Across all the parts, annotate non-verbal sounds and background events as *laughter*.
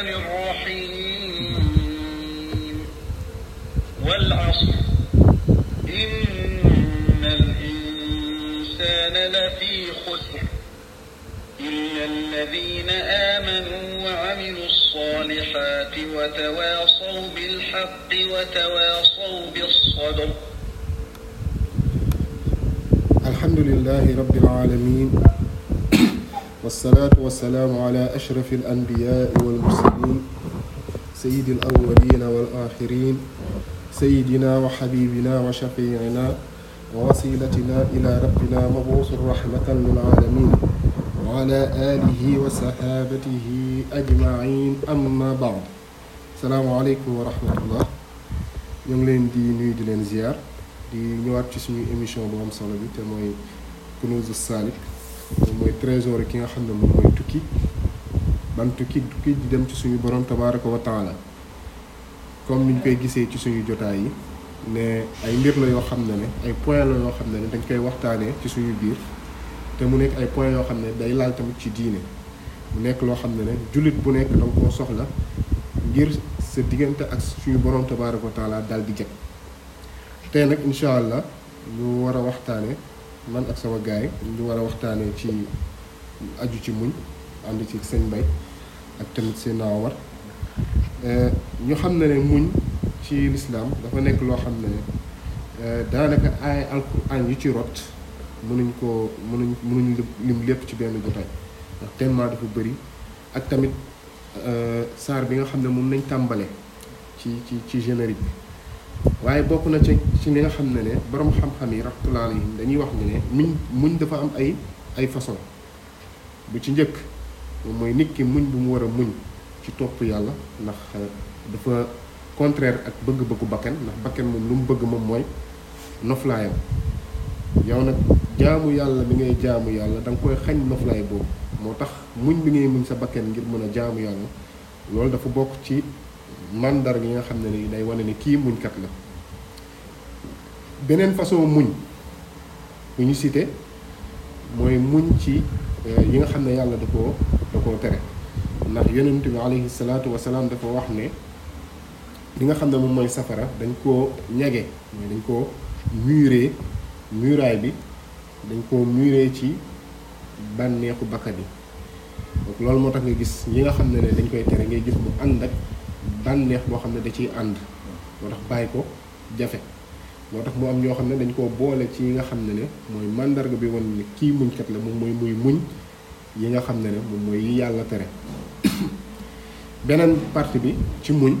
الرحمن الرحيم والعصر إن الإنسان لفي خسر إلا الذين آمنوا وعملوا الصالحات وتواصوا بالحق وتواصوا بالصبر الحمد لله رب العالمين wasalaatu wasalaamu ala ashrafi alanbiyaai walmursalin sayidi alawalina walaxirin sayidina wa xabibina wa shafiicina wa wasilatina ila rabbina mabuusu raxmatan lilaalamin wa ala aalihi wa saxaabatihi ajmain amma baad salaamaaleykum wa rahmatullah ñu ngi leen di nuyu di leen ziar di ñëwaat ci suñu émission bu am solo bi te mooy Kunûz As-Sâlik mooy trésor ki nga xam ne moom mooy tukki ban ki tukki di dem ci suñu borom tabaaraka wa taala comme niñ koy gisee ci suñu jotaay yi ne ay mbir la yoo xam ne ne ay point la yoo xam ne ne dañ koy waxtaanee ci suñu biir te mu nekk ay point yoo xam ne day laal tamit ci diine mu nekk loo xam ne ne jullit bu nekk danga koo soxla ngir sa diggante ak suñu borom tabaaraka wa taala daal di jeg tey nag incha allah ñu war a waxtaanee. man ak sama gaay ñu war a waxtaanee ci aju ci muñ ànd ci seen mbay ak tamit seen naawar eh, ñu xam ne ne muñ ci lislaam dafa nekk loo xam ne eh, daanaka ay alquran yu ci rot mënuñ ko mënuñ mënuñ lim lépp ci benn jotaay ndax tellement dafa bëri ak tamit eh, saar bi nga xam ne moom nañ tàmbale ci ci ci générique bi waaye bokk na ci ci li nga xam ne ne borom xam-xam yi rahmatullahi alayhim dañuy wax ne ne muñ muñ dafa am ay ay façon bu ci njëkk moom mooy nit ki muñ bu mu war a muñ ci topp yàlla ndax euh, dafa contraire ak bëgg-bëggu bakken ndax bakken moom lu mu bëgg moom mooy noflaayam yow nag jaamu yàlla bi ngay jaamu yàlla da koy xañ noflaay boobu moo tax muñ bi ngay muñ sa bakken ngir mën a jaamu yàlla loolu dafa bokk ci mandarga yi nga xam ne ni day wane ni kii muñkat la beneen façon muñ bu ñu cité mooy muñ ci euh, yi nga xam ne yàlla da koo da koo tere ndax yonent bi alayhi salaatu wasalaam dafa wax ne li nga xam ne moom mooy safara dañ koo ñage mooy dañ koo muré muraay bi dañ ko muré ci bànneexu bakkan yi donc loolu moo tax nga gis ñi nga xam ne ne dañ koy tere ngay gis mu ànd ak bànneex boo xam ne da ciy ànd moo tax bàyyi ko jafe moo tax mu am ñoo xam ne dañ koo boole ci yi nga xam ne ne mooy màndarga bi wan ne kii muñkat la moom mooy muy muñ yi nga xam ne ne moom mooy yi yàlla tere *coughs* beneen partie bi ci muñ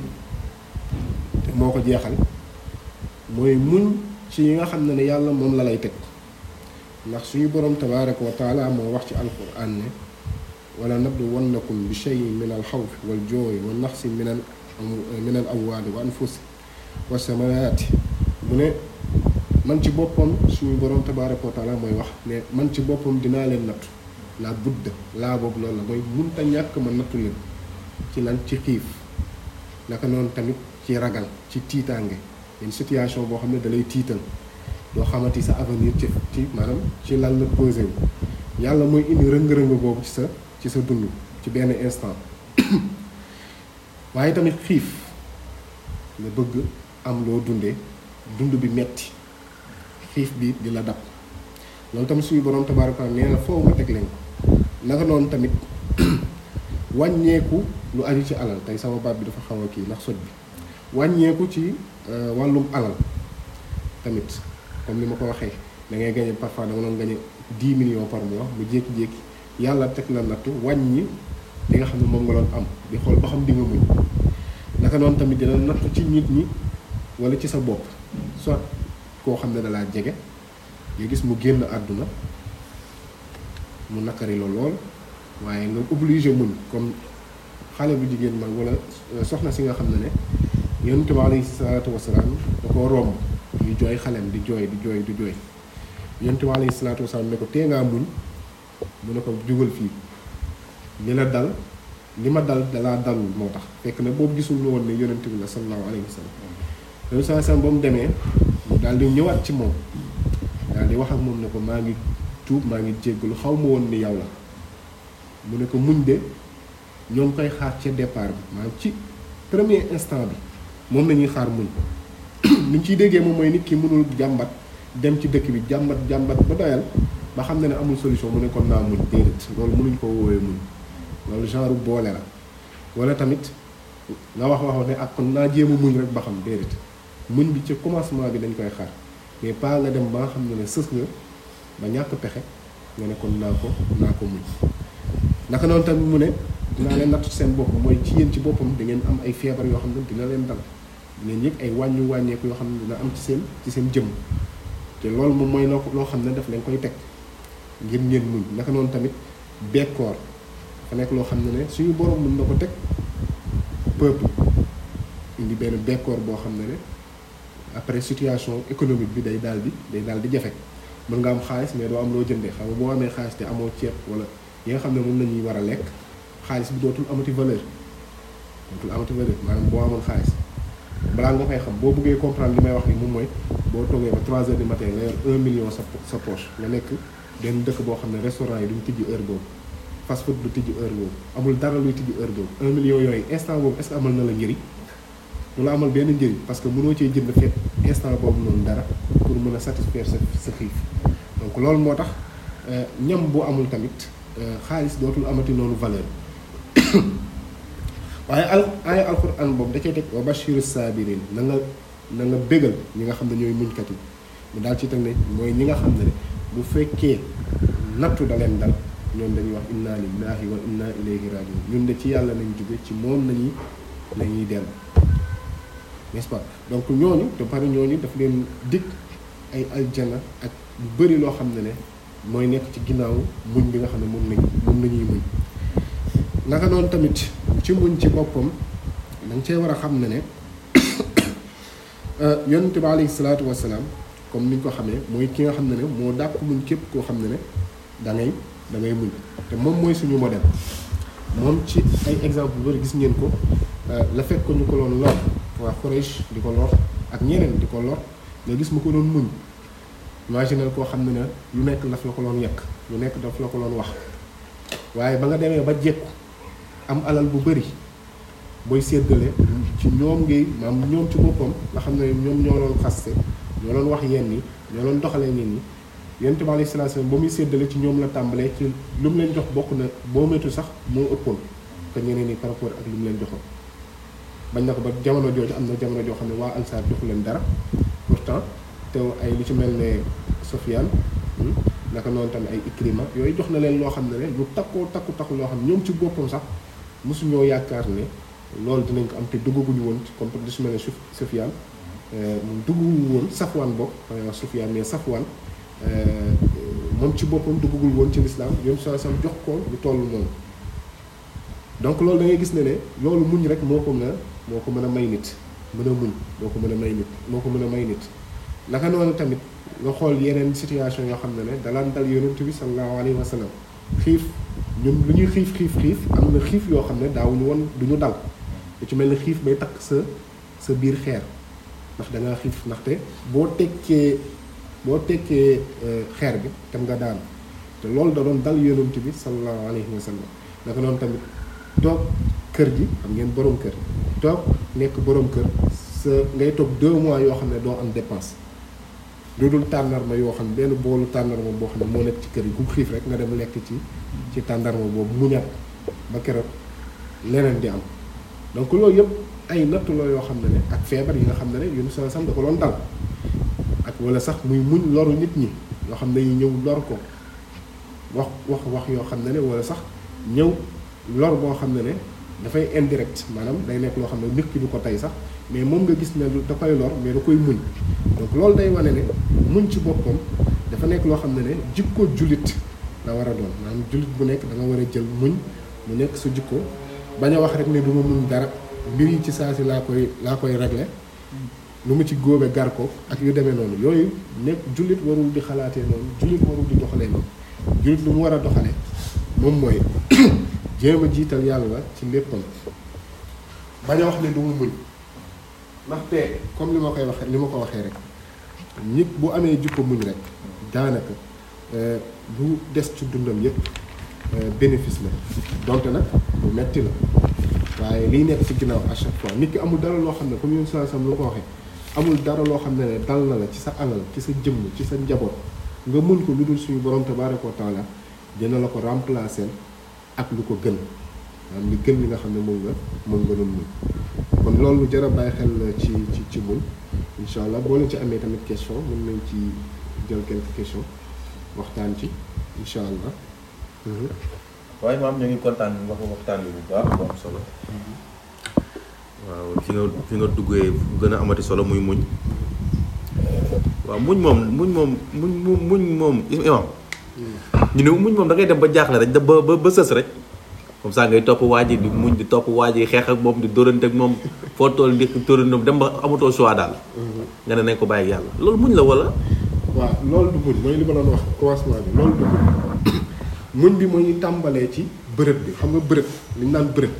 te moo ko jeexal mooy muñ ci yi nga xam ne ne yàlla moom la lay teg ndax suñu borom tabaraka wa taala moo wax ci alquran ne ولنبلونكم بشيء من الخوف والجوع والنقص من من الأموال والأنفس والثمرات mu ne man ci boppam suñu borom tabaaraka wa taala mooy wax ne man ci boppam dinaa leen nattu laa budda laa boobu loolu la mooy munta ñàkk ma nattu leen ci lan ci xiif naka noonu tamit ci ragal ci tiitaange une situation boo xam ne dalay tiital doo xamati sa avenir ci ci maanaam ci lan la posé wu yàlla mooy indi rëng-rëng boobu ci sa ci sa dund ci benn instant waaye tamit xiif nga bëgg am loo dunde dund bi metti xiif bi di la dab loolu tamit suñu borom tabaaraka nee na foofu teg leen ko naka noonu tamit *clears throat* wàññeeku lu aju ci alal tey sama baat bi dafa xaw a kii ndax sot bi wàññeeku ci euh, wàllum alal tamit comme ni ma ko waxee dangay ngay gagné parfois dama doon gagné 10 millions par mois mu jékki-jékki. yàlla teg la nattu wàññi li nga xam ne moom nga doon am di xool ba xam di nga muñ naka noonu tamit dina nattu ci nit ñi wala ci sa bopp soit koo xam ne dalaa jege nga gis mu génn àdduna mu nakari la lool waaye nga obligé muñ comme xale bu jigéen ma wala euh, soxna si nga xam ne ne yonent bi alayhi salaatu wasalaam da koo romb di jooy xalem di jooy di jooy di jooy yonent bi alayhi salaatu wasalaam ne ko tee ngaa muñ mu ne ko jógal fii li la dal li ma dal dalaa dalul moo tax fekk na boobu gisul woon ne yonent bi la sallallahu alayhi wa sallam loolu saa sam ba mu demee mu daal di ñëwaat ci moom daal di wax ak moom ne ko maa ngi tuub maa ngi jéggalu xaw ma woon ni yow la mu ne ko muñ de ñoo ngi koy xaar ca départ bi maanaam ci premier instant bi moom la ñuy xaar muñ ko *clears throat* li ñu ciy déggee moom mooy nit ki mënul jàmbat dem ci dëkk bi jàmbat jàmbat ba doyal ba xam ne ne amul solution mu ne kon naa muñ déedéet loolu ñu ko woowee muñ loolu genre boole la wala tamit nga wax wax ne ak kon naa jéem a muñ rek ba xam déedéet muñ bi ci commencement bi dañ koy xaar mais pas dem ba nga xam ne ne sës nga ba ñàkk pexe nga ne kon naa ko naa ko muñ naka noonu tamit mu ne dinaa leen nattu seen bopp mooy ci yéen ci boppam da ngeen am ay feebar yoo xam ne dina leen dal dina ñëpp ay wàññu wàññeeku yoo xam ne dina am ci seen ci seen jëmm te loolu moom mooy loo xam ne daf leen koy teg ngir ngeen muñ naka noonu tamit bekkoor dafa nekk loo xam ne ne suñu borom mën na ko teg peuple indi benn bekkoor boo xam ne ne après situation économique bi day daal di day daal di jafe mën nga am xaalis mais doo am loo jënde xam nga amee xaalis te amoo ceeb wala yi nga xam ne moom la ñuy war a lekk xaalis bi dootul amati valeur dootul amati boo amoon xaalis balaa nga koy xam boo bëggee comprendre li may wax ni moom mooy boo toogee ba 3 heures du matin nga yor 1 million sa sa poche nga nekk. benn dëkk boo xam ne restaurant yi duñ tijji heure boobu fast food du tijji heure boobu amul dara luy tijji heure boobu un million yooyu instant boobu est-ce que na la njëriñ du amal benn njëriñ parce que mënoo cee jënd fet instant boobu noonu dara pour mën a satisfaire sa sa xiif donc loolu moo tax euh, ñam bu amul tamit euh, xaalis dootul amati noonu valeur *coughs* waaye al aaya alquran boobu da cee teg wa bashiru sabirin na nga na nga bégal ñi nga xam ne ñooy muñkat yi mu daal ci teg ne mooy ñi nga xam ne bu fekkee nattu da leen dal ñoom dañuy wax inna lillahi wa inna ilayhi rajiun ñun de ci yàlla nañu jóge ci moom nañuy lañuy dellu nest donc ñooñu te pare ñooñu daf leen dikk ay aljana ak lu bëri loo xam ne ne mooy nekk ci ginnaaw muñ bi nga xam ne moom nañ moom nañuy muñ naka noonu tamit ci muñ ci boppam da nga cee war a xam ne ne *coughs* euh, yonent bi alayhi salaatu wasalaam comme ni ñu ko xamee mooy ki nga xam ne ne moo dàq muñ képp koo xam ne ne dangay dangay da muñ te moom mooy suñu modèle moom ci ay exemple bu bëri gis ngeen ko la fekk ko ñu ko doon lor waa Quraysh di ko lor ak ñeneen di ko lor nga gis mu ko doon muñ imaginel koo xam ne ne lu nekk daf la ko doon yekk lu nekk daf la ko doon wax waaye ba nga demee ba jekku am alal bu bari booy séddale ci ñoom ngay maam ñoom ci boppam nga xam ne ñoom ñoo doon xaste ñoo doon wax yenn yi ñoo doon doxalee nit ñi yonent bi alayhi salaatu salaam ba muy séddale ci ñoom la tàmbalee ci lu mu leen jox bokk na boo méttu sax moo ëppoon que ñeneen ñi par rapport ak lu mu leen joxoon bañ na ko ba jamono jooju am na jamono joo xam ne waa ansaar joxu leen dara pourtant tew ay lu ci mel ne Sofiane hmm, naka noonu tamit ay Ikrima yooyu jox na leen loo xam ne ne lu takkoo takku takku loo xam ñoom ci boppam sax mosuñoo yaakaar ne loolu dinañ ko am te duggaguñu woon ci comme lu ci mel ne Sofiane Euh, mu duggul woon safwaan bopp euh, Sufyaan mais safwaan euh, moom ci boppam duggagul woon ci lislaam yoon soo sam jox ko lu toll noonu donc loolu da gis ne ne loolu muñ rek moo ko mën a moo ko mën a may nit mën a muñ moo ko mën a may nit moo ko mën a may nit naka noonu tamit nga xool yeneen situation yoo xam ne ne dalaan dal yonent bi sallallahu alayhi wa sallam xiif ñun lu ñuy xiif xiif xiif am na xiif yoo xam ne daawuñu woon duñu ñu dal lu ci mel ni xiif bay takk sa sa biir xeer ndax da ngaa xiif ndaxte boo tekkee boo tekkee eh, xeer bi tam nga daan te loolu da dal yonent bi sallallahu alayhi wa sallam naka tamit toog kër gi xam ngeen borom kër toog nekk borom kër sa ngay toog deux mois yoo xam ne doo am dépense lu dul tàndarma yoo xam ne benn boolu tàndarma boo xam ne moo nekk ci kër yi ku xiif rek nga dem lekk ci ci tàndarma boobu mu muñat ba keroog leneen di am donc loolu yëpp ay nattu la yoo xam ne ne ak feebar yi nga xam ne ne yonent sallallahu alayhi wasallam da ko doon dal ak wala sax muy muñ loru nit ñi yoo xam ne ñëw lor ko wax wax wax yoo xam ne ne wala sax ñëw lor boo xam ne ne dafay indirect maanaam day nekk loo xam ne nit ki ko tey sax mais moom nga gis ne da koy lor mais da koy muñ loolu day wane ne muñ ci boppam dafa nekk loo xam ne ne jikko jullit la war a doon maanaam jullit bu nekk da nga war a jël muñ mu nekk sa jikko bañ a wax rek ne du ma muñ dara mbir yi ci saa si laa koy laa koy régler lu mu ci góobe gar ko ak yu demee noonu yooyu nekk jullit warul di xalaatee noonu jullit warul di doxalee noonu jullit lu mu war a doxalee moom mooy *clears throat* jéem a jiital yàlla ci léppam bañ a ne du mu muñ ndaxte comme li ma koy waxee li ma ko waxee rek nit bu amee jikko muñ rek daanaka euh, lu des ci dundam yépp euh, bénéfice la donte nag lu metti la waaye liy nekk si ginnaaw à chaque fois nit ki amul dara loo xam ne comme yoon saa sam lu ko waxee amul dara loo xam ne ne dal na la ci sa alal ci sa jëmm ci sa njaboot nga mën ko lu dul suñu borom tabaaraka wa taala dina la ko remplacer ak lu ko gën maanaam li gën li nga xam ne mën nga mën nga doon mën kon loolu jar a bàyyi xel ci ci ci mun incha allah boo leen ci amee tamit question mën nañ ci jël quelques questions waxtaan ci incha allah. Mm-hmm. waaye maam ñu ngi kontaan wax waxtaan bi bu baax bu am solo. waaw fi nga fi nga duggee gën a amati solo muy muñ. waaw muñ moom muñ moom muñ muñ moom imam ñu ne muñ moom da dem ba jaaxle rek da ba ba sës rek comme ça ngay topp waa ji di muñ di topp waaj yi xeex ak moom di dóorante ak moom foo toll di dóorante dem ba amatoo choix daal. nga ne nañ ko bàyyi yàlla loolu muñ la walla waaw loolu du muñ mooy li wax commencement bi loolu muñ bi moo ñu tàmbalee ci bërëb bi xam nga bërëb li naan bërëb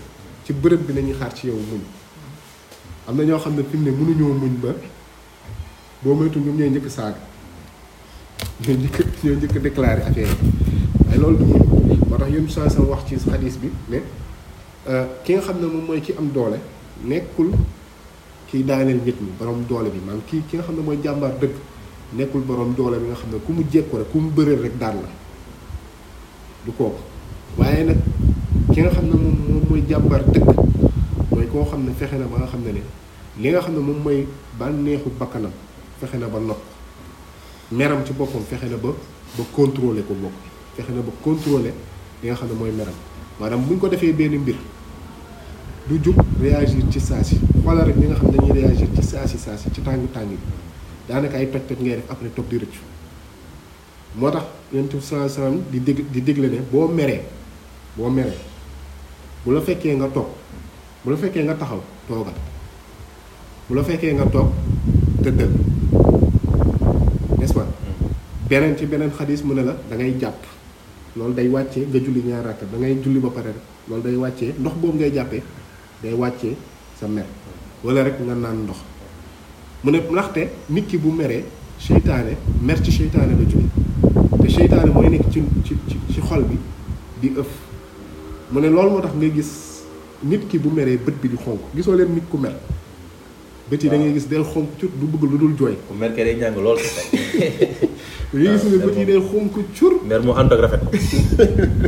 ci bërëb bi nañuy xaar ci yow muñ am na ñoo xam ne fi mu ne mënuñoo muñ ba boo moytu ñoom ñooy njëkk saaga ñooy njëkk ñooy njëkk déclaré affaire yi loolu du muñ wax ci xadis bi ne euh, ki nga xam ne moom mooy ki am doole nekkul kiy daaneel nit mi borom doole bi maanaam kii ki nga xam ne mooy jàmbaar dëgg nekkul borom doole bi nga xam ne ku mu jekku rek ku mu bëreel rek daan la du kooku waaye nag ki nga xam ne moom moom mooy jàmbaar dëgg mooy koo xam ne fexe na ba nga xam ne ni li nga xam ne moom mooy bànneexu bakkanam fexe na ba nopp meram ci boppam fexe na ba ba contrôler ko bokk fexe na ba contrôler li nga xam ne mooy meram maanaam buñ ko defee benn mbir du jub réagir ci saa si wala rek li nga xam ne dañuy réagir ci saa si ci tàng tàng bi daanaka ay toj-toj ngay def après toog di rëccu. moo tax yonent bi sallallahu di dégg di dégle ne boo meree boo meree bu la fekkee nga toog bu la fekkee nga taxaw toogal bu la fekkee nga toog te n'est-ce mm-hmm. beneen ci beneen xalis mu ne la da ngay jàpp loolu day wàccee nga julli ñaar rakk da ngay julli ba pare rek loolu day wàccee ndox boobu ngay jàppee day wàccee sa mer wala rek nga naan ndox mu ne ndaxte nit ki bu meree seytaane mer ci seytaane la jóge te seytaane mooy nekk ci ci ci xol bi di ëf mu ne loolu moo tax ngay gis nit ki bu meree bët bi di xonk gisoo leen nit ku mer bët yi da ngay gis del xonk cur du bëgg lu dul jooy ku mer kay day ñàng lool li *laughs* gis nga bët yi day xonk cur mer mu ànd ak rafet *laughs*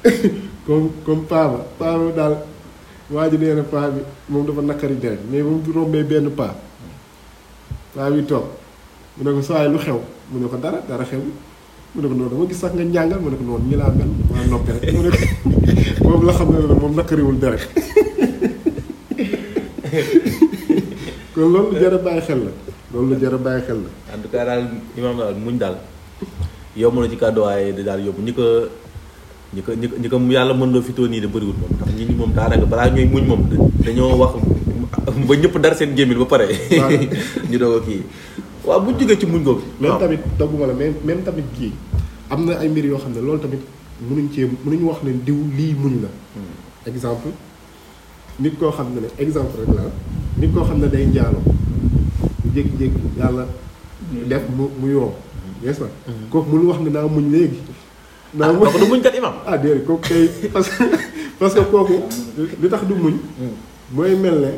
*laughs* comme comme paa ba paa ba daal waa ji nee na paa bi moom dafa naqari deret mais bu mu rombee benn paa paa bi toog mu ne ko saa lu xew mu ne ko dara dara xew mu ne ko noonu gis sax nga njàngal mu ne ko ñu laa mel maa noppi rek mu ne ko moom *laughs* la xam ne moom naqariwul dara *laughs* kon loolu lu jar bàyyi xel la loolu lu jar a bàyyi xel daal imaam daal muñ daal yomb na ci kàddu waaye di daal yóbbu ñi ko ñi ko ñi ko ñi ko yàlla mën loo fitoo nii de bëriwul moom ndax ñi ñi moom daanaka balaa ñooy muñ moom dañoo wax ba ñëpp dar seen gémmiñ ba pare. *laughs* ñu doog a kii. waaw bu ñu ci muñ googu. waaw même tamit dogguma la même même tamit kii am na ay mbir yoo xam ne loolu tamit mënuñ cee mënuñ wax ne diw lii muñ la. Hmm. exemple nit koo xam ne exemple rek la nit koo xam ne day njaaloo mu jékki-jékki yàlla def mu mu yomb. n'est-ce pas. mu mënul wax nga naa muñ léegi. naa ah, muñ ah kooku du muñ kat imam. *laughs* ah déedéet kooku kay parce que parce que kooku lu tax du muñ. Hmm. mooy mel ne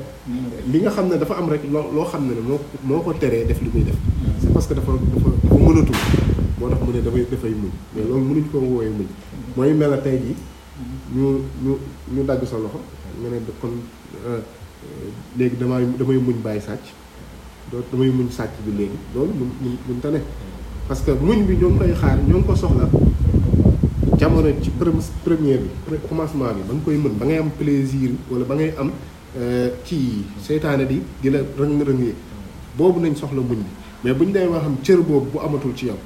li nga xam ne dafa am rek loo loo xam ne moo moo ko teree def li muy def c'est parce que dafa dafa dafa mënatul moo tax mu ne dafay dafay muñ mais loolu mënuñ ko woowee muñ mooy mel ne tey jii ñu ñu ñu dagg sa loxo nga ne kon euh, léegi damay damay muñ bàyyi sàcc doo damay muñ sàcc bi léegi loolu mun mun tane parce que muñ bi ñoo ngi koy xaar ñoo ko soxla jamono ci première bi commencement bi ba nga koy mën ba ngay am plaisir wala ba ngay am Euh, kii seytaane di di la rëng-rëngee boobu nañ soxla muñ bi mais bu ñu demee wax xam cër boobu bu amatul ci yow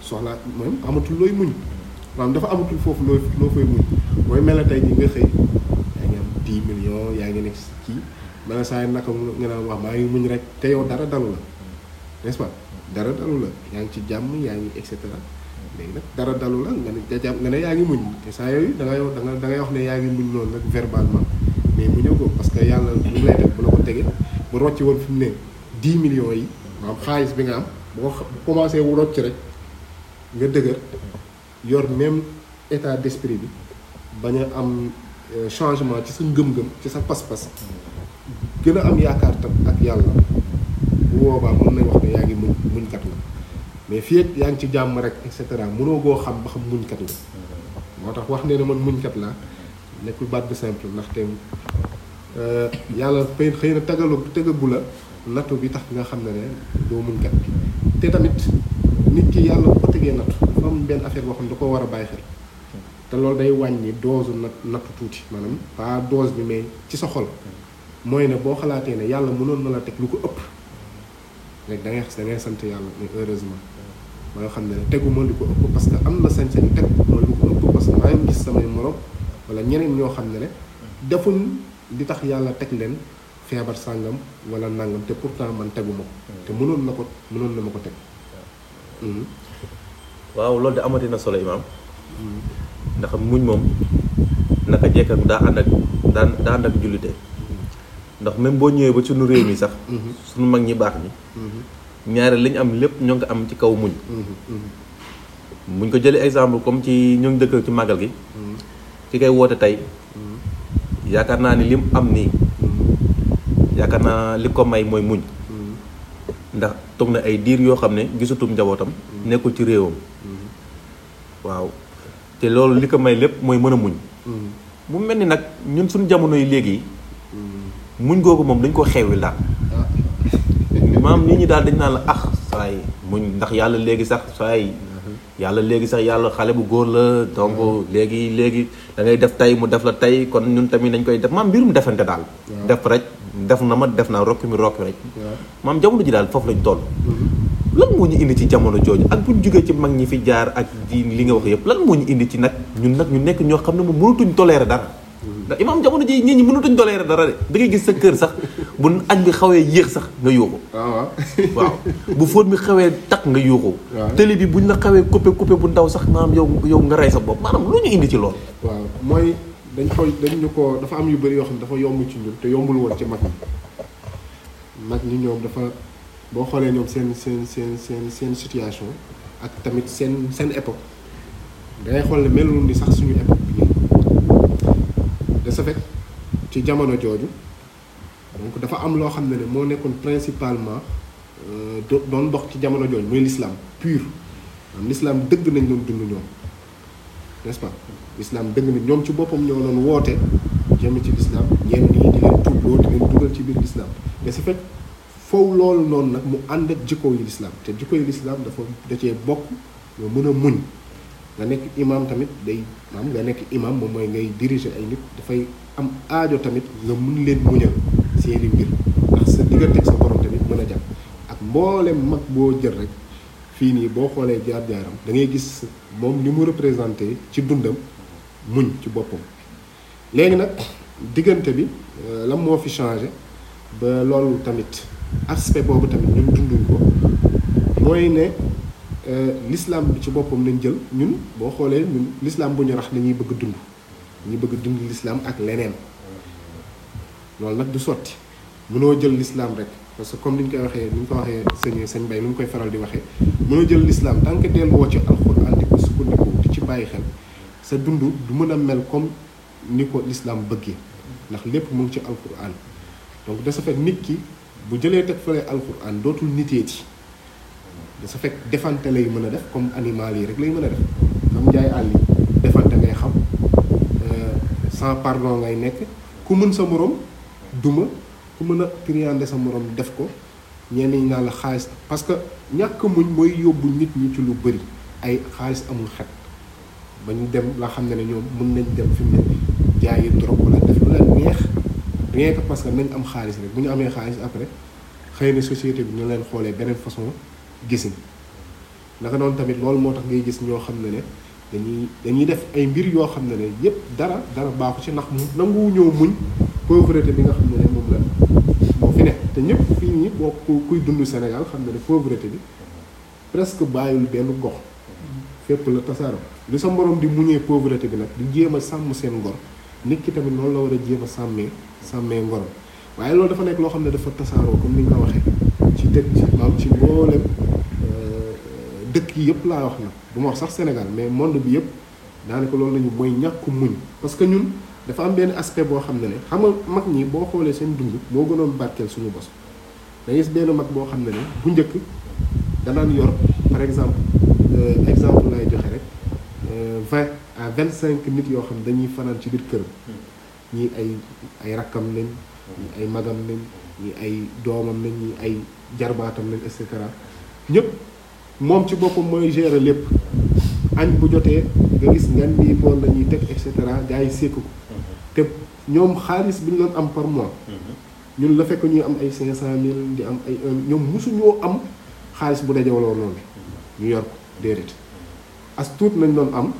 soxla moom amatul looy muñ maanaam dafa amatul foofu loo loo fay muñ mel ne tey ñi nga xëy yaa ngi am 10 millions yaa ngi nekk kii mel saa naka nga naan wax maa ngi muñ rek te yow dara dalu la n'est-ce dara dalu la yaa ngi ci jàmm yaa ngi et cetera léegi nag dara dalu la nga ne nga ne yaa ngi muñ te saa yooyu da ngay da ngay wax ne yaa ngi muñ noonu rek verbalement mais mu ñëw ko parce que yàlla lu mu lay def bu la ko tegee bu rocci woon fi mu ne 10 millions yi maanaam xaalis bi nga am bu ko commencé wu rocc rek nga dëgër yor même état d'esprit bi bañ a am euh, changement ci sa ngëm-ngëm ci sa pas-pas gën a am yaakaar tam ak yàlla bu boobaa mën nañ wax ne yaa ngi muñ muñkat nga mais fii ak yaa ngi ci jàmm rek et cetera mënoo goo xam ba xam muñkat nga moo tax wax ne ne man muñkat laa nekkul baat bu simple ndaxte euh, yàlla xëy xëy na tagalu tagagu la nattu bi tax nga xam ne ne doo mun kat te tamit nit ki yàlla bu ko tegee nattu dafa am benn affaire boo xam ne da koo war a bàyyi xel te loolu day wàññi dose nat nattu tuuti maanaam pas dose bi mais ci sa xol mooy ne boo xalaatee ne yàlla mënoon ma la teg lu ko ëpp rek da ngay da ngay sant yàlla mais heureusement ba nga xam ne teguma lu ko ëpp parce que am na sent sañu teg ma lu ko ëpp parce que samay morom wala ñeneen ñoo xam ne ne defuñ li tax yàlla teg leen feebar sàngam wala nàngam te pourtant man teguma ko mm. te mënoon na ko mënoon na ma ko teg mm-hmm. waaw loolu de amati na solo imaam mm-hmm. muñ moom naka jekk daa ànd ak daan daa ànd ak jullite mm-hmm. ndox même boo ñëwee ba suñu réew mi sax suñu mag ñi baax ñi ñaare li am lépp ñoo ngi am ci kaw muñ buñ ko jëlee exemple comme ci ñoo ngi dëkk ci màggal gi ki kay woote tey yaakaar naa ni lim am nii yaakaar naa li ko may mooy muñ ndax toog na ay diir yoo xam ne gisutum njabootam nekkul ci réewam waaw te loolu li ko may lépp mooy mën a muñ mu mel ni nag ñun suñ jamono yi léegi muñ googu moom dañ ko xewwi daal ah. maam nit ñi daal dañ naan la ax ah, saa yi muñ ndax yàlla léegi sax saa yi yàlla léegi sax yàlla xale bu góor la donc hmm. léegi léegi da def tey mu def la tey kon ñun tamit nañ koy def maam mbirum defante daal def rek def na ma def naa rokki mu rokki rek maam jamono ji daal foofu lañ toll mm-hmm. lan moo ñu indi ci jamono jooju ak bu ñu jógee ci mag ñi fi jaar ak di li nga wax yëpp lan moo ñu indi ci nag ñun nag ñu nekk ñoo xam ne moom mënatuñ tolérer dara mm-hmm. ndax imaam jamono ji ñii ñi mënatuñ tolérer dara de da gis sa kër sax bu añ bi xawee yéex sax nga yuuxu ah, *laughs* waaw bu fóot bi xawee takk nga yuuxu télé bi buñ la xawee coupé coupé bu ndaw sax maanaam yow yow nga rey sa bopp maanaam lu ñu indi ci lool waaw mooy dañ koy dañ ñu ko dafa am yu bëri yoo xam ne dafa yomb ci ñun te yombul woon ci mag ñi ñi ñoom dafa boo xoolee ñoom seen seen seen seen seen situation ak tamit seen seen époque dangay xool ne melul ni sax suñu époque de ce fait ci jamono jooju donc dafa am loo xam ne ne moo nekkoon principalement euh, doon dox ci jamono jooju mooy l'islam pur am dëgg nañ doon dund ñoom n'est-ce pas dëgg na ñoom ci boppam ñoo doon woote jëm ci l'islam di leen tuubloo di leen dugal ci biir l'islam mais su fekk foofu loolu noonu nag mu ànd ak jikko yu l'islam te jikko yu l'islam dafa da bokk nga mën a muñ nga nekk imam tamit day maam nga nekk imam moom mooy ngay dirige ay nit dafay am aajo tamit nga mun leen muñal seeni mbir ndax sa diggante sa borom tamit mën a jàpp ak mboolem mag boo jël rek fii nii boo xoolee jaar jaaram da ngay gis moom li mu représenté ci dundam muñ ci boppam léegi nag diggante bi euh, lan moo fi changé ba loolu tamit aspect boobu tamit ñun dunduñ ko mooy ne euh, l'islam bi ci boppam lañ jël ñun boo xoolee ñun l'islam bu ñu rax dañuy bëgg dund ñu bëgg dund l'islam ak leneen loolu nag du sotti mënoo jël l'islam rek parce que comme ni ñu koy waxee ni ko waxee sëñ sëñ Bay ni mu koy faral di waxee mënoo jël l'islam tant que delluwoo ci alxuraan di ko sukkandiku di ci bàyyi xel sa dund du mën a mel comme ni ko l'islam bëggee ndax lépp mu ngi ci alxuraan donc de ce fait nit ki bu jëlee teg fële alxuraan dootul niteeti de ce fait defante lay mën a def comme animal yi rek lay mën a def xam jaay àll defante ngay xam euh, sans pardon ngay nekk ku mën sa moroom duma ku mën a triander sa morom def ko ñenn ñi naan la xaalis parce que ñàkk muñ mooy yóbbu nit ñi ci lu bëri ay xaalis amul xet ba ñu dem la xam ne ne ñoom mën nañ dem fi mu ne jaayi drogue wala def lu leen neex rien parce que nañ am xaalis rek bu ñu amee xaalis après xëy na société bi ñu leen xoolee beneen façon gisin naka noonu tamit loolu moo tax ngay gis ñoo xam ne ne dañuy dañuy def ay mbir yoo xam ne ne yépp dara dara baaxu ci ndax nanguwu ñoo muñ pauvreté bi nga xam ne ne moom la moo fi ne te ñëpp fii ñi boo kuy dund Sénégal xam ne ne pauvreté bi presque lu benn gox fépp la tasaaroo lu sa morom di muñee pauvreté bi nag di jéem a sàmm seen ngor nit ki tamit noonu la war a jéem a sàmmee sàmmee ngorom waaye lool dafa nekk loo xam ne dafa tasaaroo comme ni nga ko waxee ci dëkk ci maam ci mboolem euh, dëkk yi yëpp laa wax na bu ma wax sax Sénégal mais monde bi yëpp daanaka loolu lañu mooy dafa am benn aspect boo xam ne ne xam nga mag ñi boo xoolee seen dund moo gënoon barkeel suñu bos da ngay gis benn mag boo xam ne ne bu njëkk danaan yor par exemple euh, exemple lay joxe rek euh, vingt à vingt cinq nit yoo xam dañuy fanaan ci biir kër ñii ay ay rakkam lañ ñii ay magam lañ ñii ay doomam lañ ñuy ay jarbaatam lañ et cetera ñëpp moom ci boppam mooy gérer lépp añ bu jotee nga gis ngan bi poon la ñuy teg et cetera gars yi sékku ko te ñoom xaalis bi ñu doon am par mois. Mm-hmm. ñun la fekk ñuy am ay 500000 di am ay ñoom mosuñoo am xaalis bu dajewaloo noonu ñu yor ko déedéet as tuut nañ doon am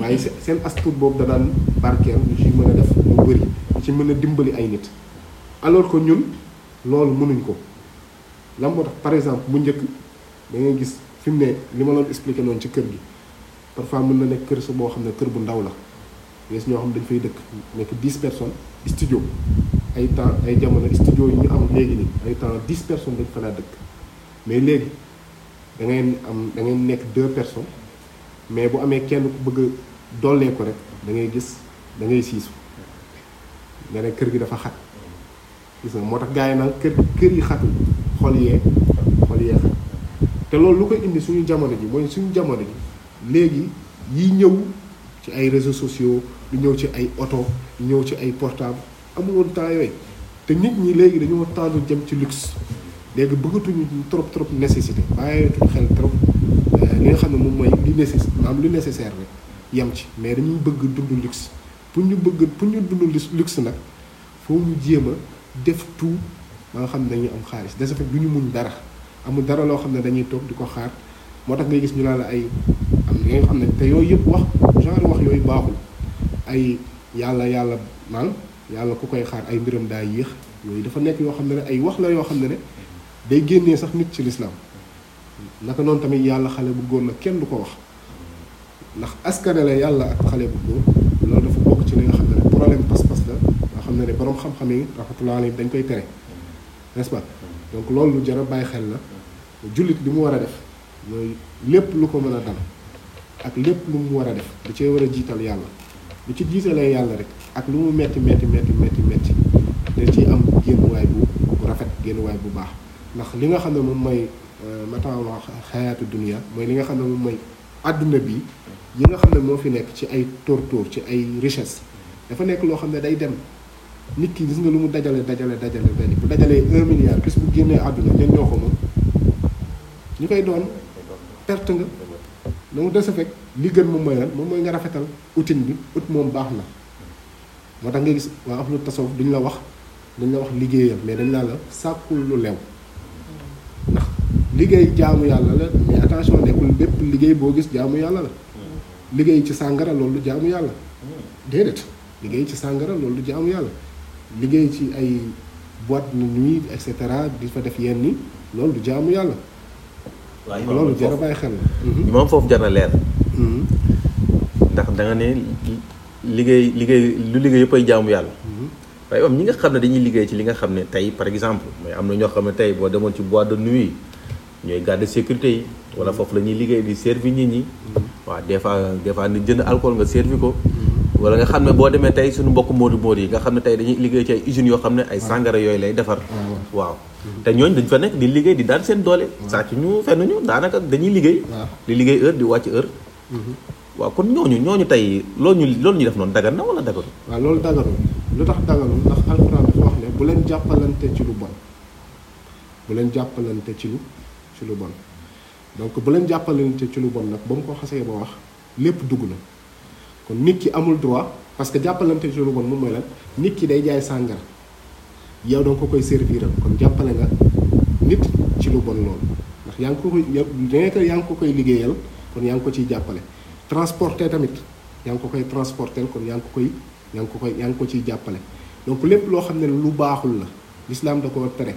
waaye seen as tuut boobu da daan barkeel ñu ci mën a def mu bëri ci mën a dimbali ay nit alors que ñun loolu mënuñ ko lan moo tax par exemple bu njëkk da ngay gis fi mu ne li ma doon expliqué noonu ci kër gi parfois mun na nekk kër sa boo xam ne kër bu ndaw la. yees ñoo xam dañ fay dëkk nekk 10 personnes studio ay temps ay jamono studio yu ñu am léegi nii ay temps 10 personnes dañ fa laa dëkk mais léegi da ngay am da nekk deux person mais bu amee kenn ku bëgg a dollee ko rek da ngay gis da ngay siisu nga ne kër gi dafa xat gis nga moo tax gars yi naan kër kër yi xatul xool yee xol te loolu lu koy indi suñu jamono ji mooy suñu jamono ji léegi yi ñëw ci ay réseaux sociaux du ñëw ci ay oto du ñëw ci ay portable amul woon temps yooyu te nit ñi léegi dañoo tàndu jëm ci luxe léegi bëggatuñu trop trop nécessité bàyyeetuñu xel trop euh, li nga xam ne moom mooy li nécess am lu nécessaire rek yem ci mais dañuy bëgg dund luxe pour ñu bëgg pour ñu dund luxe nag foo ñu jéem a def tout ma nga xam ne dañuy am xaalis de ce fait du ñu mun dara amul dara loo xam ne dañuy toog di ko xaar moo tax ngay gis ñu naan la ay am na nga xam ne te yooyu yëpp wax genre wax yooyu baaxul. ay yàlla yàlla maanaam yàlla ku koy xaar ay mbiram daa yéex yooyu dafa nekk yoo xam ne ne ay wax la yoo xam ne ne day génnee sax nit ci lislaam naka noonu tamit yàlla xale bu góor la kenn du ko wax ndax askane la yàlla ak xale bu góor loolu dafa bokk ci li nga xam ne problème pas-pas la yoo xam ne ne boroom xam-xam yi rahmatullahi alayhi dañ koy tere nest donc loolu lu jar a bàyyi xel la jullit li mu war a def mooy lépp lu ko mën a dal ak lépp lu mu war a def da cee war a jiital yàlla lu ci jiitalee yàlla rek ak lu mu metti metti metti metti metti da ciy am génnuwaay bu bu rafet génnuwaay bu baax ndax li nga xam ne moom mooy euh, mataawu xayaatu dunia mooy li nga xam ne moom mooy àdduna bi yi nga xam ne moo fi nekk ci ay tóor-tóor ci ay richesse dafa nekk loo xam ne day dem nit kii gis nga lu mu dajale dajale dajale benn bu dajalee un milliard bis bu génnee àdduna ñen ñoo moom ñu koy doon perte nga na mu dese fekk li gën moom mooy moom mooy nga rafetal utin bi ut moom baax na moo tax nga gis waa ahlu tasawuf duñ la wax duñ la wax liggéeyam mais dañ laa la sàkkul lu leew ndax liggéey jaamu yàlla la mais bépp liggéey boo gis jaamu yàlla la liggéey ci sàngara loolu jaamu yàlla déedéet liggéey ci sàngara loolu jaamu yàlla liggéey ci ay boîte de nuit et cetera di fa def yenn yi loolu du jaamu yàlla loolu jar a bàyyi xel la imaam foofu jar leer Mm-hmm. ndax da nga ne liggéey liggéey lu liggéey yëpp ay jaamu yàlla mm-hmm. waaye am ñi nga xam ne dañuy liggéey ci li nga xam ne tey par exemple mooy am na ñoo xam ne tey boo demoon ci boîte de nuit ñooy garde sécurité yi wala foofu la ñuy liggéey di servi nit ñi mm-hmm. waaw des fois des fois nit jënd alcool nga servi ko wala nga xam ne boo demee tey suñu mbokk moodu moodu yi nga xam ne tey dañuy liggéey ci ay usines yoo xam ne ay ah. sàngara yooyu lay defar ah, waaw te ñooñ dañ fa nekk di liggéey di daan seen doole ah. sàcc ñu fenn ñu daanaka dañuy liggéey di liggéey heure di wàcc heure Mm-hmm. waaw kon ñooñu ñooñu tey loolu ñu loolu ñu def noonu dagan na wala daganul. waaw loolu daganul lu tax daganul ndax alxuraan dafa wax ne bu leen jàppalante ci lu bon bu jàppalante ci ci lu bon donc bu leen jàppalante ci lu bon nag ba mu ko xasee ba wax lépp dugg na kon nit ki amul droit parce que jàppalante ci lu bon moom mooy lan nit ki day jaay sàngara yow danga ko koy serviral kon jàppale nga nit ci lu bon loolu ndax yaa ngi ko koy yaa ngi ko koy liggéeyal. kon yaa ngi ko ciy jàppale transporter tamit yaa ngi ko koy transporter kon yaa ngi ko koy yaa ngi ko koy yaa ngi ciy jàppale donc lépp loo xam ne lu baaxul la l'islam da ko tere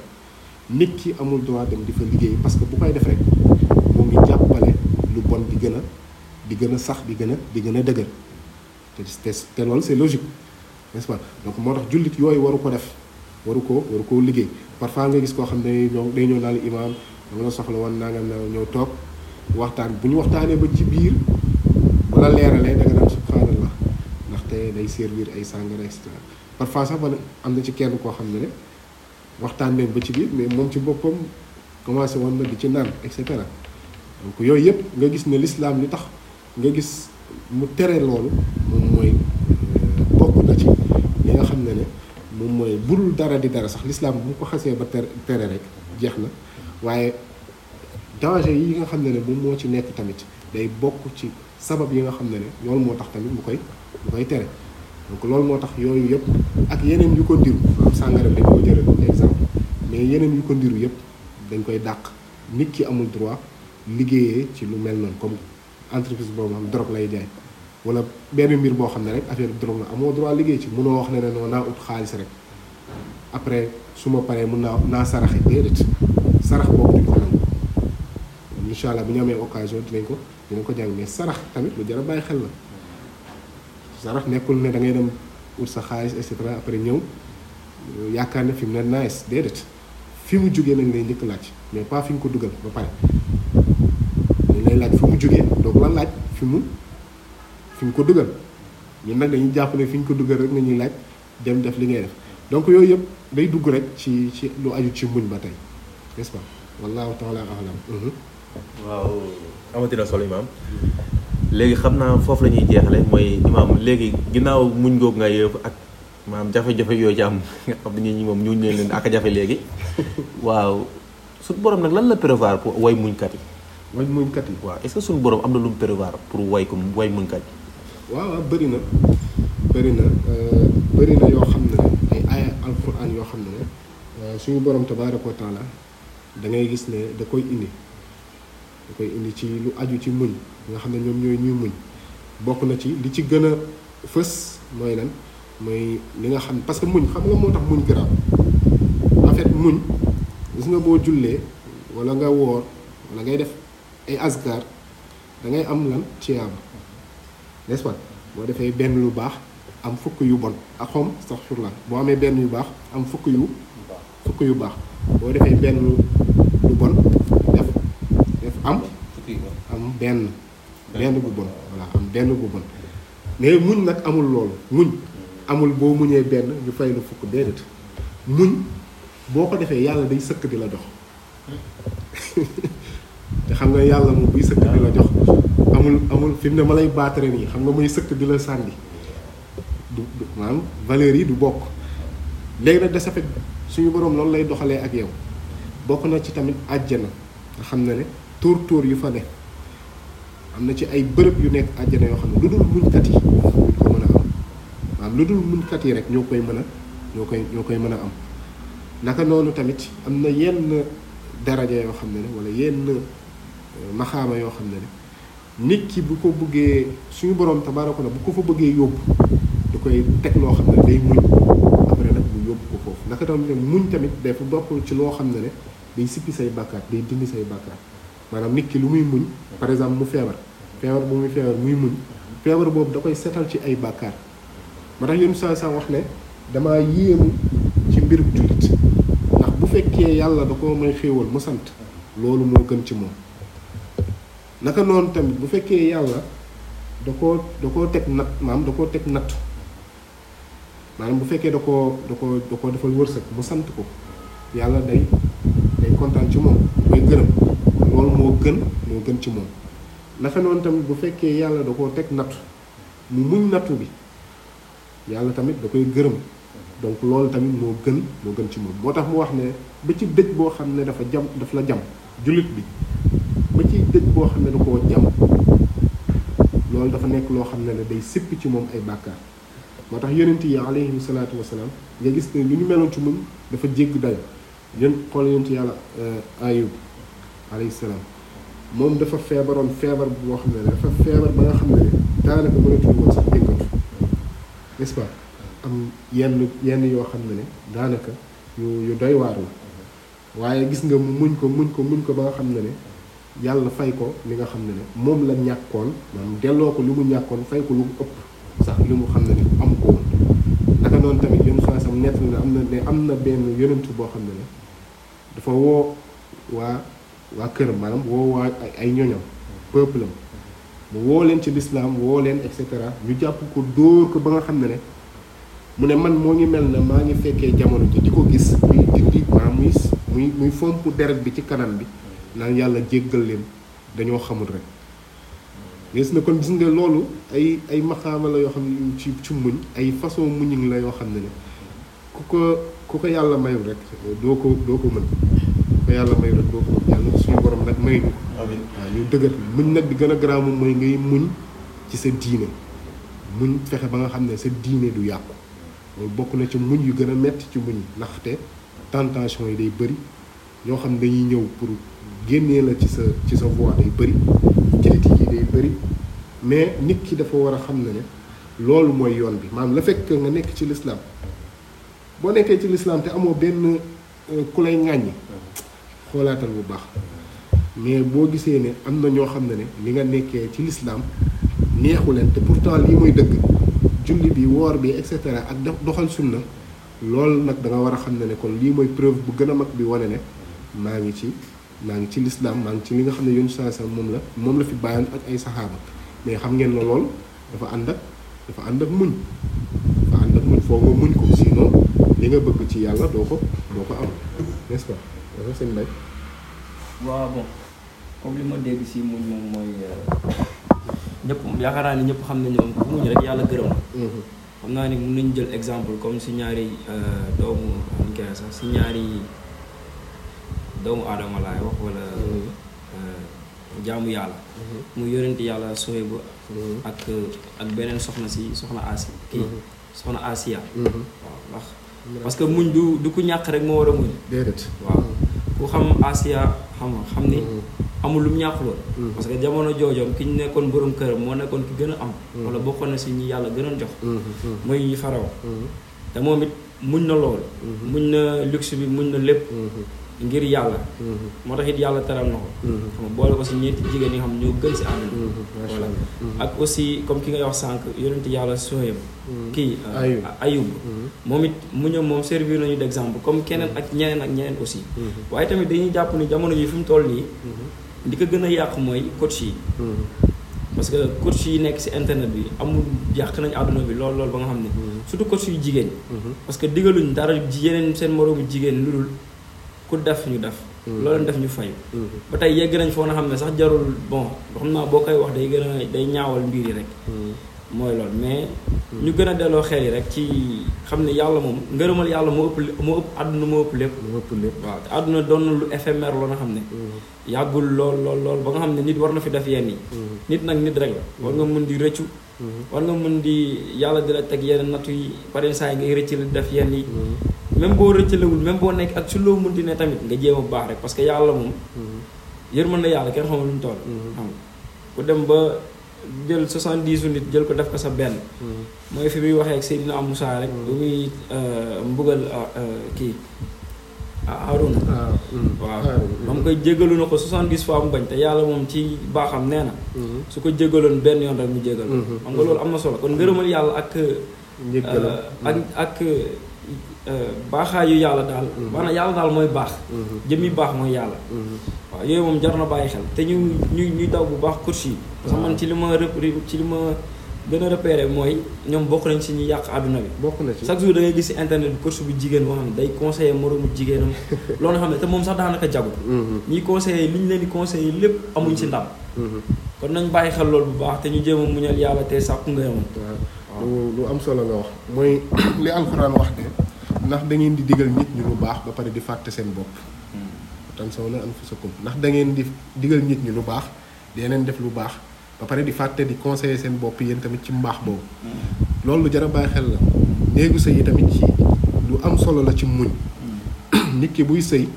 nit ki amul droit dem di fa liggéey parce que bu koy def rek mu ngi jàppale lu bon di gën a di gën a sax di gën a di gën a dëgër te te te loolu c'est logique n'est-ce pas moo tax jullit yooyu waru ko def waru ko waru koo liggéey parfois nga gis koo xam ne ñoom day ñëw naan imaam dama la soxla woon naa nga ñëw toog waxtaan bu ñu waxtaanee ba ci biir bu la leeralee da nga naan subhanallah ndaxte day servir ay sàngara et cetera parfois sax ba am na ci kenn koo xam ne ne waxtaan nañ ba ci biir mais moom ci boppam commencé woon na di ci naan et cetera donc yooyu yëpp nga gis ne l'islam li tax nga gis mu tere loolu moom mooy euh, bokk na ci li nga xam ne ne moom mooy budul dara di dara sax l'islam bu ko xasee ba tere tere rek jeex na waaye danger yi nga xam ne ne moom moo ci nekk tamit day bokk ci sabab yi nga xam ne ne loolu moo tax tamit mu koy mu koy tere donc loolu moo tax yooyu yëpp ak yeneen yu ko ndiru am sàngara dañ mais yeneen yu ko yëpp dañ koy dàq nit ki amul droit liggéeyee ci lu mel noonu comme entreprise boobu am drogue lay jaay wala benn mbir boo xam ne rek affaire drogue la amoo droit liggéey ci munoo wax ne ne non naa ut xaalis rek après su ma paree mun naa naa saraxe déedéet sarax boobu incha allah bu ñu amee occasion dinañ ko dinañ ko jàng mais sarax tamit lu jar bàyyi xel la sarax nekkul ne da ngay dem ut sa xaalis et cetera après ñëw yaakaar na fi mu ne nice déedéet fi mu jugee nañ lay njëkk laaj mais pas fi ñu ko dugal ba pare lay laaj fi mu jugee donc lan laaj fi mu fi ko dugal ñun nag dañuy jàpp ne fi ñu ko dugal rek nañuy laaj dem def li ngay def donc yooyu yëpp day dugg rek ci ci lu aju ci muñ ba tey n'est-ce pas wallahu taala alam mm-hmm. waaw amatina solo imaam léegi xam naa foofu la ñuy jeexale mooy imaam léegi ginnaaw muñ goog nga yëpp ak maam jafe-jafe yooyu ci am nga xam ne ñi leen ak jafe léegi *laughs* waaw suñu borom nag lan la prévoir pour way muñkat yi way muñkat yi waaw est-ce que suñu borom am na lu mu prévoir pour way ko way muñkat yi waaw waaw na bëri na euh, bëri na yoo xam ne ay yoo xam ne euh, suñu borom tabaaraka wa taala da ngay gis ne da koy indi koy indi ci lu aju ci muñ nga xam ne ñoom ñooy ñuy muñ bokk na ci li ci gën a fës mooy lan mooy li nga xam parce que muñ xam nga moo tax muñ garaaw en fait muñ gis nga boo jullee walla nga woor wala ngay def ay asgar dangay am lan ci n'est-ce pas boo defee benn lu baax am fukk yu bon ak xom sax surla boo amee benn yu baax am fukk yu fukk yu baax boo defee benn lu bon am am benn benn bu bon voilà am benn bu bon mais muñ nag amul loolu muñ amul boo muñee benn ñu fay la fukk déedéet muñ boo ko defee yàlla day sëkk di la dox *laughs* te xam nga yàlla mu buy sëkk di la jox amul amul fi mu ne ma lay baatare nii xam nga muy sëkk di la sànni du maanaam valeur yi du bokk léegi nag de ce suñu borom loolu lay doxalee ak yow bokk na ci tamit àjjana nga xam ne ne tóor tóor yu fa ne am na ci ay bërëb yu nekk àjjana yoo xam ne lu dul muñkat yi lu dul muñkat yi rek ñoo koy mën a koy ñoo koy mën a am naka noonu tamit am na yenn daraja yoo xam ne ne wala yenn euh, maxaama yoo xam ne ne nit ki bu ko bëggee suñu borom tabaaraka na bu ko fa bëggee yóbbu du koy teg loo xam ne day muñ après nag bu yóbbu ko foofu naka tamit muñ tamit dafa bokkul ci loo xam ne ne day sippi say bàkkaar day dindi say bàkkaar maanaam nit ki lu muy muñ par exemple mu feebar feebar bu muy muy muñ feebar boobu da koy setal ci ay bàkkaar ma tax yén saa saa wax ne damaa yéemu ci mbir jullit ndax bu fekkee yàlla da ko may xéewal mu sant loolu moo gën ci moom naka noonu tamit bu fekkee yàlla da ko da koo teg natt maam da koo teg natt maanaam bu fekkee da ko da ko koo defal wërsëg mu sant ko yàlla day day kontaan ci moom mooy gërëm moo gën moo gën ci moom nafe noonu tamit bu fekkee yàlla da koo teg nattu mu muñ nattu bi yàlla tamit da koy gërëm donc loolu tamit moo gën moo gën ci moom moo tax mu wax ne ba ci dëj boo xam ne dafa jam daf la jam jullit bi ba ci dëj boo xam ne da ko jam loolu dafa nekk loo xam ne ne day sippi ci moom ay bàkkaar moo tax yonent yi alayhim salaatu wasalaam nga gis ne lu ñu meloon ci moom dafa jégg dayo yéen xool yonent yàlla euh, ayub alayhi salaam moom dafa feebaroon feebar boo xam ne dafa feebar ba nga xam ne daanaka mënatul woon sax dénkatu n'est-ce yenn yoo xam ne ne daanaka yu yu doy waar la waaye gis nga muñ ko muñ ko muñ ko ba nga xam ne ne yàlla fay ko li nga xam ne ne moom la ñàkkoon delloo ko li mu ñàkkoon fay ko lu mu ëpp sax li mu xam ne ne am ko woon naka tamit yén saa sam nett na am na ne am na benn yonent boo xam ne ne dafa woo waa waa kër maanam woo waa ay ñoñam peuple am woo leen ci lislaam woo leen et cetera ñu jàpp ko dóor ko ba nga xam ne ne mu ne man moo ngi mel na maa ngi fekkee jamono ji di ko gis muy dindi maanaam muy muy fomp deret bi ci kanam bi naan yàlla jéggal leen dañoo xamut rek gis na kon gis nga loolu ay ay maxaama la yoo xam ne ci ci muñ ay façon muñin la yoo xam ne ne ku ko ku ko yàlla mayul rek doo ko doo ko mën ba yàlla may rek doo ko nag may ñu amiin waaw muñ nag di gën a garaaw moom mooy ngay muñ ci sa diine muñ fexe ba nga xam ne sa diine du yàqu loolu bokk na muñ yu gën a metti ci muñ ndaxte tentation yi day bëri ñoo xam ne dañuy ñëw pour génnee la ci sa ci sa voie day bëri bëri mais nit ki dafa war a xam ne ne loolu mooy yoon bi maanaam la fekk nga nekk ci lislaam boo nekkee ci lislaam te amoo benn euh, ku lay ŋàññi xoolaatal bu baax mais boo gisee ne am na ñoo xam ne ne li nga nekkee ci lislaam neexu leen te pourtant lii muy dëgg julli bi woor bi et cetera ak doxal sunna lool nag da war a xam ne ne kon lii mooy preuve bu gën a mag bi wane ne maa ngi ci maa ngi ci lislaam maa ngi ci li nga xam ne yoonu saa moom la moom la fi bàyyoon ak ay saxaaba mais xam ngeen ne lool dafa ànd ak dafa ànd ak muñ dafa ànd ak muñ foo nga muñ ko sinon li nga bëgg ci yàlla ko doo ko dafa sëñ Mbaye. waaw bon comme li ma dégg si muñ moom mooy euh, ñëpp yaakaar naa ni ñëpp xam nañu moom ku muñ rek yàlla gërëm. Mhm. xam naa ni mën nañu jël exemple comme si ñaari euh, doomu ñu sax si ñaari doomu aadama laay wax wala. Mhm. Euh, jaamu yàlla. Mhm. mu yonent yàlla Suhayb ak ak beneen soxna si soxna Asi. soxna Asiya. waaw ndax parce muñ du du ku ñàkk rek moo war a muñ. déedéet waaw. ku xam Asia xam nga xam ni. Mm-hmm. amul lu mu ñàkkuloon. Mm-hmm. parce que jamono joojoom ki ñu nekkoon borom kër moo nekkoon ki gën a am. Mm-hmm. wala bokkoon na si ñi yàlla gënoon jox. mooy Pharaon. te moom it muñ na lool. muñ na luxe bi muñ na lépp. ngir yàlla. Mm-hmm. moo tax it yàlla teral na ko. Mm-hmm. xam nga boole ko si ñeenti jigéen ñi nga xam ñoo gën si àdduna. Mm-hmm. voilà ak aussi comme ki nga wax sànq yonent yàlla Suhayb. kii euh, Ayub moom it mu ñëw moom servir nañu d' exemple comme keneen ak ñeneen ak ñeneen aussi. waaye tamit dañuy jàpp ni jamono ji fi mu toll nii. li ko gën a yàq mooy coach yi. parce que coach yi nekk si internet bi amul yàq nañu àdduna bi lool lool ba nga xam ne. surtout coach yu jigéen. parce que digaluñ dara seen moroomu jigéen lu ku def ñu def mm. loolu def ñu fayu mm. ba tey yegg nañ foo na xam ne sax jarul bon xam naa boo koy wax day gën a day ñaawal mbir yi rek mm. mooy lool mais ñu gën a delloo xel yi rek ci xam ne yàlla moom ngërëmal yàlla moo ëpp moo ëpp àdduna moo ëpp lépp moo ëpp lépp waaw te àdduna doon na lu éphémère loo nga xam ne yàggul lool lool lool ba nga xam ne nit war na fi def yenn yi nit nag nit rek la war nga mun di rëccu Mhm. war nga mën di yàlla di teg yenn nattu yi saa exemple ngay rëcc def yenn yi. Mhm. même boo rëccalewul même boo nekk ak su loo di ne tamit nga jéem a baax rek parce que yàlla moom. Mhm. na yàlla kenn xamul lu mu toll. ku dem ba jël soixante dix nit jël ko def ko sa benn. mooy fi muy waxee ak Seydina Moussa rek. bu muy euh, mbugal euh, euh, kii. ah Arouna. Ah, mm, waaw ah, moom koy jégalu na ko 70 fois mu bañ te yàlla moom ci baaxam nee na. Mm-hmm. su ko jégaloon benn yoon rek mu jégal. Mm-hmm. xam nga loolu am na solo kon ngërëmal yàlla ak. Ah, ak mm-hmm. ak baaxaayu yàlla daal. maanaam yàlla daal mooy baax. jëmmi baax mooy yàlla. waaw yooyu moom jar na bàyyi xel te ñu ñu daw bu baax course yi. parce man ci li ma rëp ci li ma. gën a repéré mooy ñoom bokk nañ si ñu yàq àdduna bi. bokk na ci chaque jour dangay gis si internet bi course bu jigéen boo xam ne day conseillé moroomu jigéenam *laughs* loolu nga xam ne te moom sax daanaka jagul. Mhm. ñiy conseillé li ñu leen di conseillé lépp amuñ si ndam. Mhm. Mhm. kon nañ bàyyi xel loolu bu baax te ñu jéem a muñal yàlla te nga yemam. lu am solo nga wax mooy *clears throat* li alxuraan wax de ndax da ngeen di digal nit ñi lu baax ba pare di fàtte seen bopp. Hmm. tan saw na anfusakum ndax da ngeen di digal nit ñi lu baax di yeneen def lu baax. ba pare di fàtte di conseiller seen bopp yéen tamit ci mbaax boobu loolu lu jar a bàyyi xel la néegu sëy yi tamit ci lu am solo la ci muñ *clears throat* nit ki buy sëy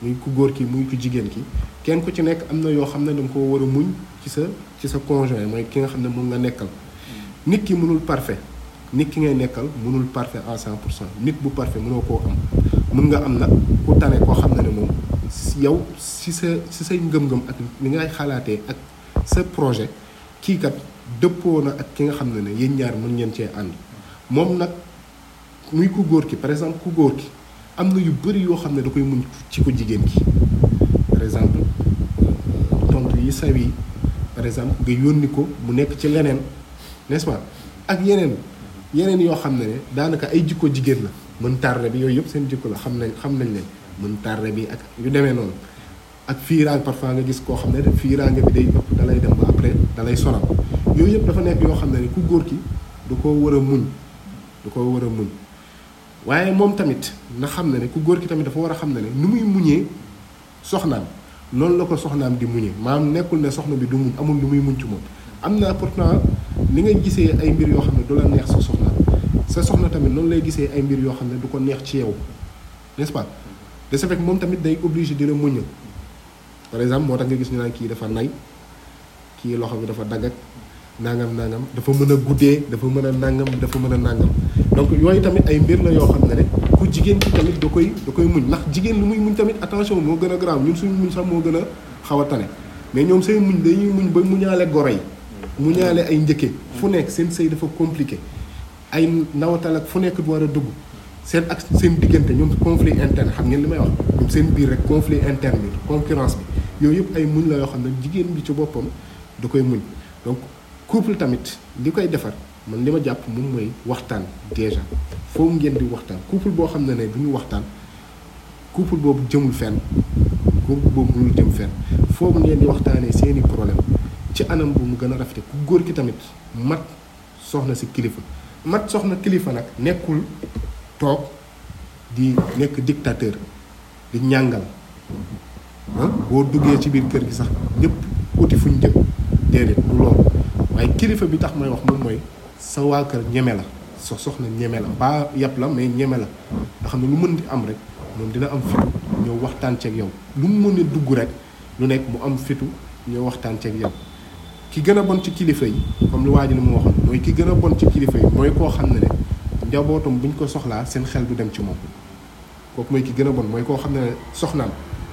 muy ku góor ki muy ku jigéen ki kenn ku ci nekk am na yoo xam ne danga ko war a muñ ci sa ci sa conjoint mooy ki nga xam ne moom nga nekkal nit ki mënul parfait nit ki ngay nekkal mënul parfait à cent pour cent nit bu parfait mënoo koo am mën nga am nag ku tane koo xam ne ne moom yow si sa si say ngëm-ngëm ak li ngay xalaatee ak sa projet kii kat dëppoo na ak ki nga xam ne ne yéen ñaar mën ngeen cee ànd moom nag muy ku góor ki par exemple ku góor ki am na yu bëri yoo xam ne da koy mun ci ko jigéen ki par exemple tontu yi saw yi par exemple nga yónni ko mu nekk ci leneen n'est-ce ak yeneen yeneen yoo xam ne ne daanaka ay jikko jigéen la mën tarre bi yooyu yëpp seen jikko la xam nañ xam nañ leen mën tarre bi ak yu demee noonu ak part fa nga gis koo xam ne fiiraange bi day ëpp dalay dem ba après dalay sonal yooyu yëpp dafa nekk yoo xam ne ni ku góor ki du ko war a muñ du ko war a muñ waaye moom tamit na xam ne ne ku góor ki tamit dafa war a xam ne ne nu muy muñee soxnaam loolu la ko soxnaam di muñee maam nekkul ne soxna bi du muñ amul lu muy muñ ci moom am na pourtant li ngay gisee ay mbir yoo xam ne du la neex sa soxna sa soxna tamit noonu lay gisee ay mbir yoo xam ne du ko neex ci yow n'est-ce de ce moom tamit day obligé di la muñal par exemple moo tax nga gis ñu naan kii dafa nay kii loxo bi dafa dagg ak nangam nangam dafa mën a guddee dafa mën a nangam dafa mën a nangam donc yooyu tamit ay mbir la yoo xam ne rek ku jigéen ki tamit koy da koy muñ ndax jigéen lu muy muñ tamit attention moo gën a grave ñun suñ moo gën a xaw a mais ñoom seen muñ dañuy muñ ba muñaale goro yi muñaale ay njëkke fu nekk seen sëy dafa compliqué ay nawatal ak fu nekk du war a dugg seen ak seen diggante ñoom conflit interne xam ngeen li may wax ñoom seen biir rek conflit interne bi concurrence bi yooyu yëpp ay muñ la yoo xam ne jigéen bi ci boppam da koy muñ donc couple tamit li koy defar man li ma jàpp moom mooy waxtaan déjà foo ngeen di waxtaan couple boo xam ne ne du ñu waxtaan couple boobu jëmul fenn couple boobu mënul jëm fenn foofu ngeen di waxtaanee seeni problème ci anam bu mu gën a rafete ku góor ki tamit mat soxna si kilifa mat soxna kilifa nag nekkul toog di nekk dictateur di ñàngal ah boo duggee ci biir kër gi sax ñëpp uti fuñ jëm déedéet du loolu waaye kilifa bi tax may wax moom mooy sa waa kër ñeme la sox soxna ñeme la pas yàpp la mais ñeme xam ne lu mën am rek moom dina am fitu ñëw waxtaan ceeg yow lu mu mën a dugg rek lu nekk mu am fitu ñëw waxtaan ceeg yow ki gën a ci kilifa yi comme lu waa ji li mu waxoon mooy ki gën a bon ci kilifa mooy koo xam ne ne njabootam buñ ko soxlaa seen xel du dem ci moom kooku mooy ki gën a bon mooy koo xam ne ne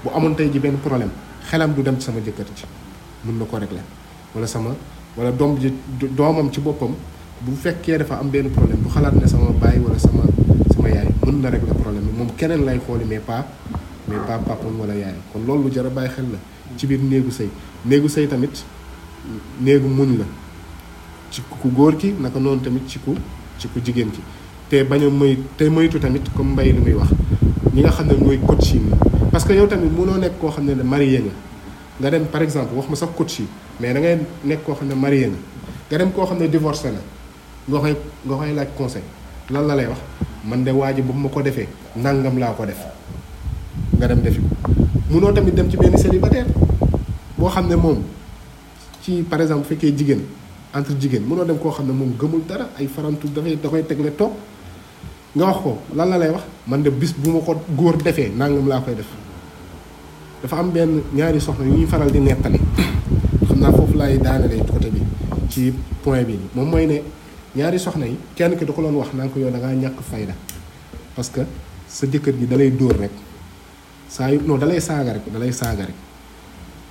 bu amoon tey ji benn problème xelam du dem sama jëkkër ji mun na ko régler wala sama wala doom ji doomam ci boppam bu fekkee dafa am benn problème bu xalaat ne sama baay wala sama sama yaay mun na rek régler problème bi moom keneen lay xooli mais paa mais pas papam wala yaayam kon loolu lu jar a bàyyi xel la ci biir néegu sëy néegu sëy tamit néegu muñ la ci ku góor ki naka noonu tamit ci ku jigéen ki te bañ a moy te moytu tamit comme mbay li muy wax ñi nga xam ne mooy coaching parce que yow tamit munoo nekk koo xam ne ne marié nga dem par exemple wax ma sax coach yi mais da ngay nekk koo xam ne marié nga dem koo xam ne divorcé na nga koy nga koy laaj conseil lan la lay wax man de waa ji bu ma ko defee nangam laa ko def nga dem defi mënoo tamit dem ci benn célibataire boo xam ne moom ci par exemple fekkee jigéen entre jigéen mënoo dem koo xam ne moom gëmul dara ay farantu dafay da koy tegle toog nga wax ko lan la lay wax man de bis bu ma ko góor defee nangam laa koy def dafa am benn ñaari soxna yu ñuy faral di nettali xam naa foofu laay daanelee côté bi ci point bi moom mooy ne ñaari soxna yi kenn ki da ko doon wax naan ko da ngaa ñàkk fayda parce que sa jëkkër ji dalay dóor rek saa yu non dalay saaga rek dalay saaga rek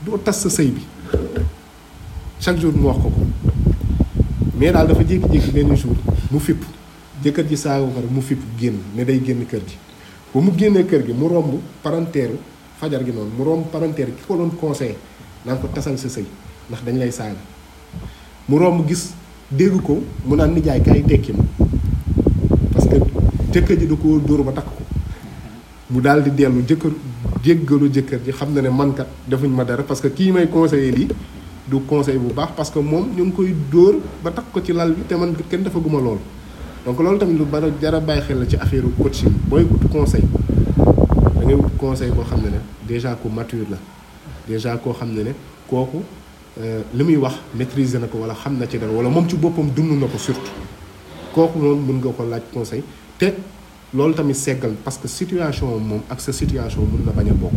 doo tas sa sëy bi chaque jour mu wax ko ko mais daal dafa jékki-jékki benn jour mu fipp jëkkër ji saaga mu fipp génn ne day génn kër gi ba mu génnee kër gi mu romb parenteeru fajar gi noonu mu romb yi ki ko doon conseillé naan ko tasal sa sëy ndax dañ lay saaga mu romb gis dégg ko mu naan nijaay kay tekki ma parce que jëkkër ji du ko dóor ba takk ko mu daal di dellu jëkkër jéggalu jëkkër ji xam na ne man kat defuñ ma dara parce que kii may conseillé lii du conseil bu baax parce que moom ñu ngi koy dóor ba takk ko ci lal bi te man kenn defaguma loolu donc loolu tamit lu bara jara bàyyi xel la ci affaire coaching booy ut conseil conseil boo xam ne ne déjà ku mature la déjà koo xam ne ne kooku euh, li muy wax maîtriser na ko wala xam na ci dara wala moom ci boppam dund na ko surtout kooku mën nga ko laaj conseil te loolu tamit seggal parce que situation moom ak sa situation mun na bañ a bokk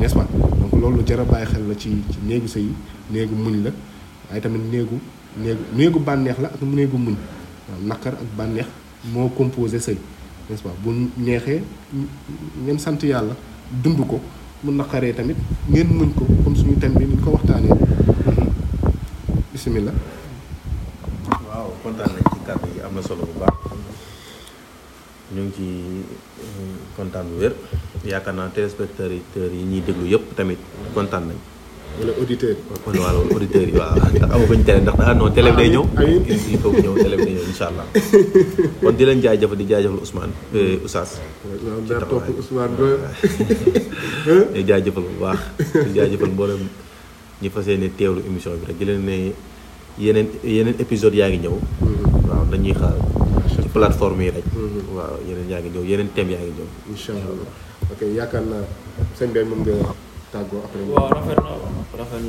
nest donc loolu jar a xel la ci ci néegu sëy néegu muñ la waaye tamit néegu néegu néegu bànneex la ak néegu muñ waaw naqar ak bànneex moo composé sëy nest bu neexee ngeen sant yàlla dund ko mu naqaree tamit ngeen muñ ko kon suñu thème bi ni ñu ko waxtaanee bisimilah. waaw kontaan nañ ci kàddu yi am na solo bu baax ñu ngi ci euh, kontaan bu wér yaakaar naa téléspectateurs yi ñuy déglu yëpp tamit kontaan nañ. wala auditeur yi. auditeurs yi waaw ndax amaguñ télé ndax ah non télé ñëw. amiin ah, il faut ñëw télé bi day ñëw allah. *laughs* kon di leen jaajëfal di jaajëfal Ousmane euh, Oustaz. ci taxawaay Ousmane di jaajëfal bu baax di jaajëfal mboolem ñi fas yéene teewlu émission bi rek di leen ne yeneen yeneen épisode yaa ngi ñëw. Mm-hmm. waaw dañuy xaar ci plateforme yi rek. Mm-hmm. waaw yeneen yaa ngi ñëw yeneen thèmes yaa ngi ñëw. incha allah ok yaakaar naa sëñ bi tàggoo après. waaw rafet na rafet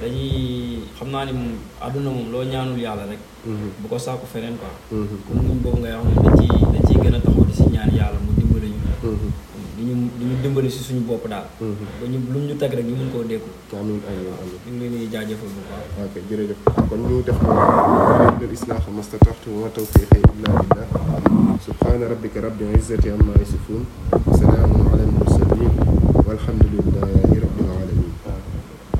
dañuy xam naa ni moom àdduna moom loo ñaanul yàlla rek. Mhm. bu ko sàkku feneen quoi. Mhm. comme boobu ngay wax ne dañ ciy gën a taxaw di ñaan yàlla mu dimbali ñu. Mhm. di ñu di si suñu bopp daal. ba ñu lu ñu teg rek ñu mun koo dékku. amiin amiin amiin ñu ngi leen di jaajëfal bu ko dal islaax mastata'tu wa tawfiiqi illaa billaah subhaana rabbika rabbil izzati ammaa yasifuun walhamdulillahi rabbil